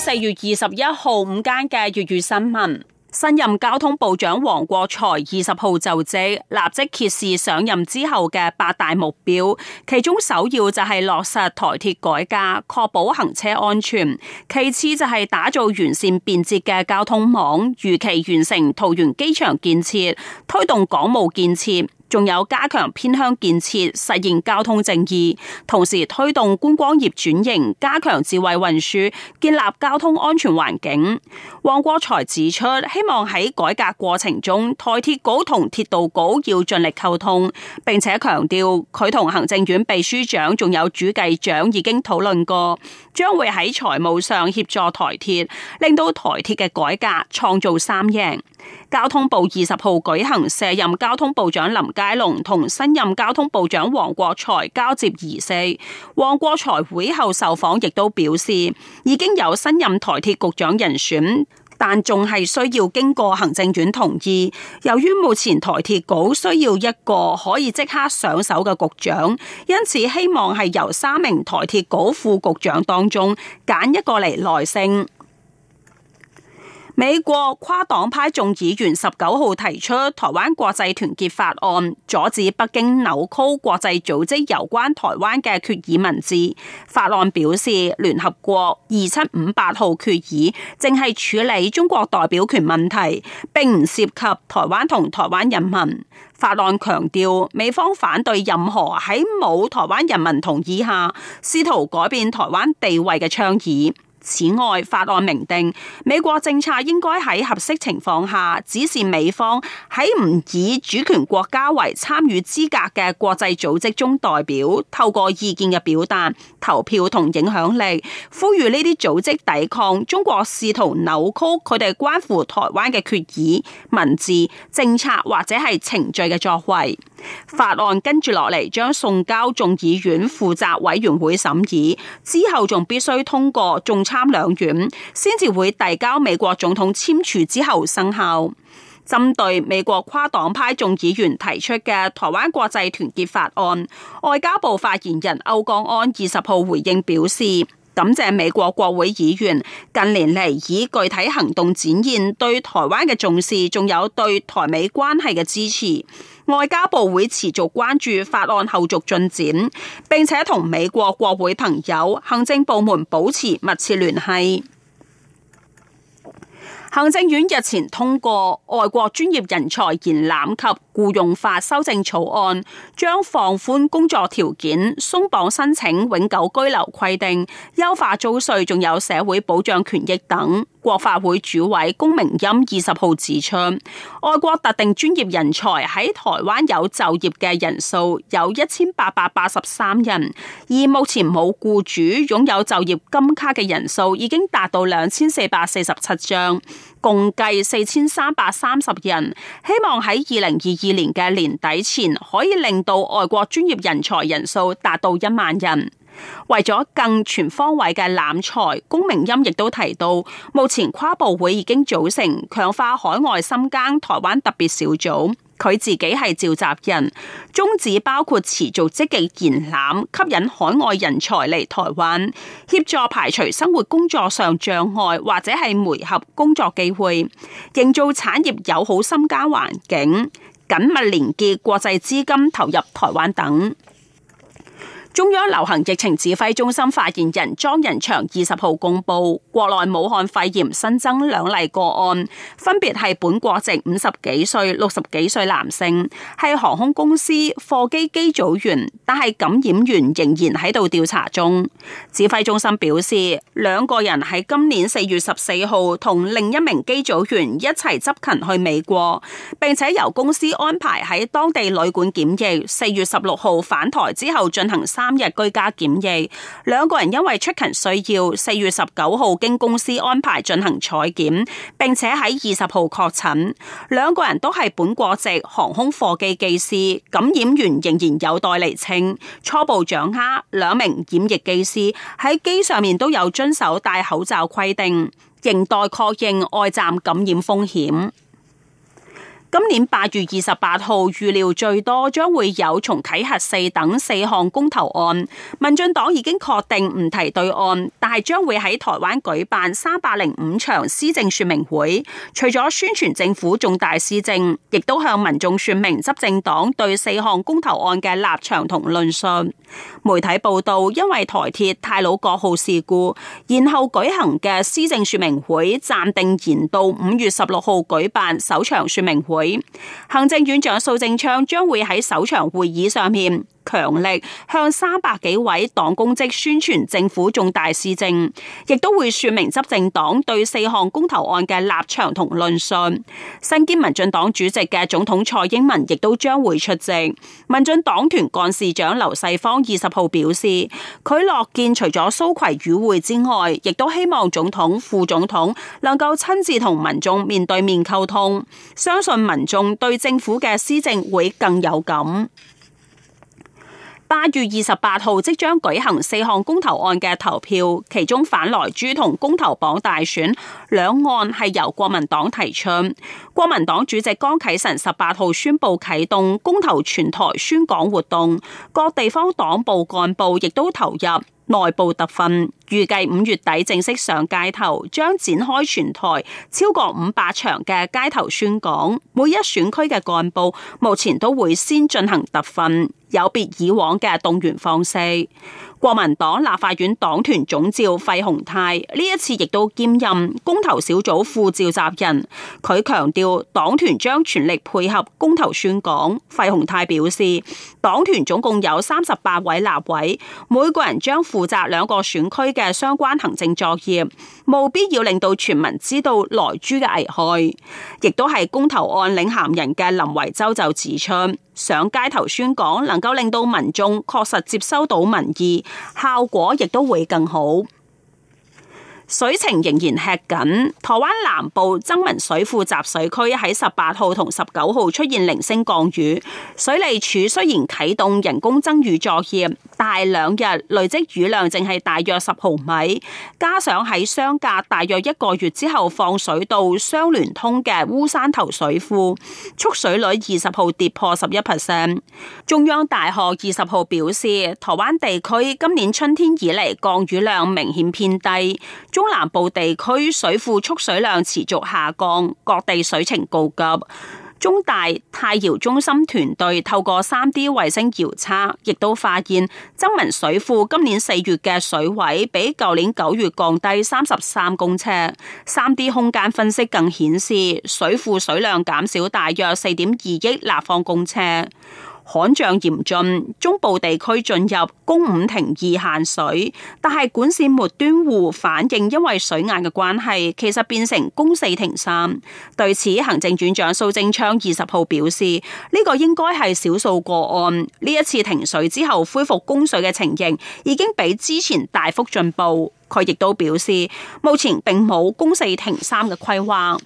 四月二十一號午間嘅粵語新聞，新任交通部長王國材二十號就職，立即揭示上任之後嘅八大目標，其中首要就係落實台鐵改革，確保行車安全；其次就係打造完善便捷嘅交通網，如期完成桃園機場建設，推動港務建設。仲有加強偏鄉建設，實現交通正義，同時推動觀光業轉型，加強智慧運輸，建立交通安全環境。王國材指出，希望喺改革過程中，台鐵局同鐵道局要盡力溝通，並且強調佢同行政院秘書長仲有主計長已經討論過，將會喺財務上協助台鐵，令到台鐵嘅改革創造三贏。交通部二十號舉行卸任交通部長林佳龍同新任交通部長王國材交接儀式。王國材會後受訪亦都表示，已經有新任台鐵局長人選，但仲係需要經過行政院同意。由於目前台鐵局需要一個可以即刻上手嘅局長，因此希望係由三名台鐵局副局長當中揀一個嚟內升。美國跨黨派眾議員十九號提出台灣國際團結法案，阻止北京扭曲國際組織有關台灣嘅決議文字。法案表示，聯合國二七五八號決議淨係處理中國代表權問題，並唔涉及台灣同台灣人民。法案強調，美方反對任何喺冇台灣人民同意下，試圖改變台灣地位嘅倡議。此外，法案明定，美國政策應該喺合適情況下，指示美方喺唔以主權國家為參與資格嘅國際組織中代表，透過意見嘅表達、投票同影響力，呼籲呢啲組織抵抗中國試圖扭曲佢哋關乎台灣嘅決議、文字、政策或者係程序嘅作為。法案跟住落嚟將送交眾議院負責委員會審議，之後仲必須通過眾參兩院先至會遞交美國總統簽署之後生效。針對美國跨黨派眾議員提出嘅台灣國際團結法案，外交部發言人歐江安二十號回應表示，感謝美國國會議員近年嚟，以具體行動展現對台灣嘅重視，仲有對台美關係嘅支持。外交部會持續關注法案後續進展，並且同美國國會朋友、行政部門保持密切聯繫。行政院日前通過《外國專業人才延攬及僱傭法》修正草案，將放寬工作條件、鬆綁申請永久居留規定、優化租稅，仲有社會保障權益等。國發會主委龔明鑫二十號指出，外國特定專業人才喺台灣有就業嘅人數有一千八百八十三人，而目前冇雇主擁有就業金卡嘅人數已經達到兩千四百四十七張。共計四千三百三十人，希望喺二零二二年嘅年底前可以令到外國專業人才人數達到一萬人。為咗更全方位嘅攬才，龔明鑫亦都提到，目前跨部會已經組成強化海外深耕台灣特別小組。佢自己係召集人，宗旨包括持續積極延攬、吸引海外人才嚟台灣，協助排除生活工作上障礙或者係媒合工作機會，營造產業友好深加環境，緊密連結國際資金投入台灣等。中央流行疫情指揮中心發言人莊人祥二十號公布，國內武漢肺炎新增兩例個案，分別係本國籍五十幾歲、六十幾歲男性，係航空公司貨機機組員，但係感染源仍然喺度調查中。指揮中心表示，兩個人喺今年四月十四號同另一名機組員一齊執勤去美國，並且由公司安排喺當地旅館檢疫。四月十六號返台之後進行三。今日居家檢疫，兩個人因為出勤需要，四月十九號經公司安排進行採檢，並且喺二十號確診。兩個人都係本國籍航空貨機機師，感染源仍然有待釐清。初步掌握兩名染疫機師喺機上面都有遵守戴口罩規定，仍待確認外站感染風險。今年八月二十八號，預料最多將會有重啟核四等四項公投案，民進黨已經確定唔提對案，但係將會喺台灣舉辦三百零五場施政說明會，除咗宣傳政府重大施政，亦都向民眾說明執政黨對四項公投案嘅立場同論述。媒體報道，因為台鐵太魯閣號事故，然後舉行嘅施政說明會暫定延到五月十六號舉辦首場說明會。行政院長蘇貞昌將會喺首場會議上面，強力向三百幾位黨公職宣傳政府重大施政，亦都會說明執政黨對四項公投案嘅立場同論述。身兼民進黨主席嘅總統蔡英文亦都將會出席。民進黨團幹事長劉世芳二十號表示，佢樂見除咗蘇揆與會之外，亦都希望總統、副總統能夠親自同民眾面對面溝通，相信民眾對政府嘅施政會更有感。八月二十八號即將舉行四項公投案嘅投票，其中反來豬同公投榜大選兩案係由國民黨提出。國民黨主席江啟臣十八號宣布啟動公投全台宣講活動，各地方黨部幹部亦都投入內部特訓。預計五月底正式上街頭，將展開全台超過五百場嘅街頭宣講。每一選區嘅幹部目前都會先進行特訓，有別以往嘅動員方式。國民黨立法院黨團總召費鴻泰呢一次亦都兼任公投小組副召集人。佢強調黨團將全力配合公投宣講。費鴻泰表示，黨團總共有三十八位立委，每個人將負責兩個選區嘅嘅相關行政作業，務必要令到全民知道萊豬嘅危害，亦都係公投案領銜人嘅林為洲就指出，上街頭宣講能夠令到民眾確實接收到民意，效果亦都會更好。水情仍然吃緊，台灣南部曾文水庫集水區喺十八號同十九號出現零星降雨，水利署雖然啟動人工增雨作業，但兩日累積雨量淨係大約十毫米，加上喺相隔大約一個月之後放水到相連通嘅烏山頭水庫，蓄水率二十號跌破十一 percent。中央大學二十號表示，台灣地區今年春天以嚟降雨量明顯偏低。中南部地區水庫蓄水量持續下降，各地水情告急。中大太遙中心團隊透過三 D 衛星遙測，亦都發現曾文水庫今年四月嘅水位比舊年九月降低三十三公尺。「三 D 空間分析」更顯示，水庫水量減少大約四點二億立方公尺。旱象嚴峻，中部地區進入供五停二限水，但係管線末端戶反映因為水壓嘅關係，其實變成供四停三。對此，行政院長蘇貞昌二十號表示，呢、這個應該係少數個案。呢一次停水之後恢復供水嘅情形，已經比之前大幅進步。佢亦都表示，目前並冇供四停三嘅規劃。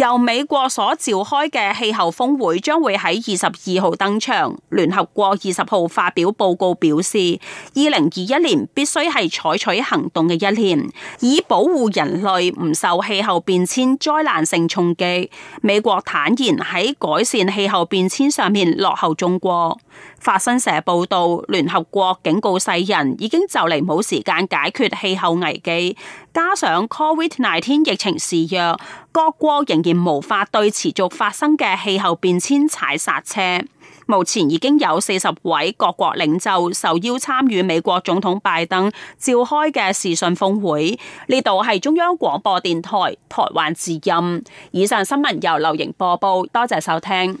由美國所召開嘅氣候峰會將會喺二十二號登場。聯合國二十號發表報告表示，二零二一年必須係採取行動嘅一年，以保護人類唔受氣候變遷災難性衝擊。美國坦言喺改善氣候變遷上面落後中國。法新社報道，聯合國警告世人已經就嚟冇時間解決氣候危機，加上 Covid n n i e e t e n 疫情示弱。各國仍然無法對持續發生嘅氣候變遷踩煞車。目前已經有四十位各國領袖受邀參與美國總統拜登召開嘅視訊峰會。呢度係中央廣播電台台灣之音。以上新聞由劉瑩播報，多謝收聽。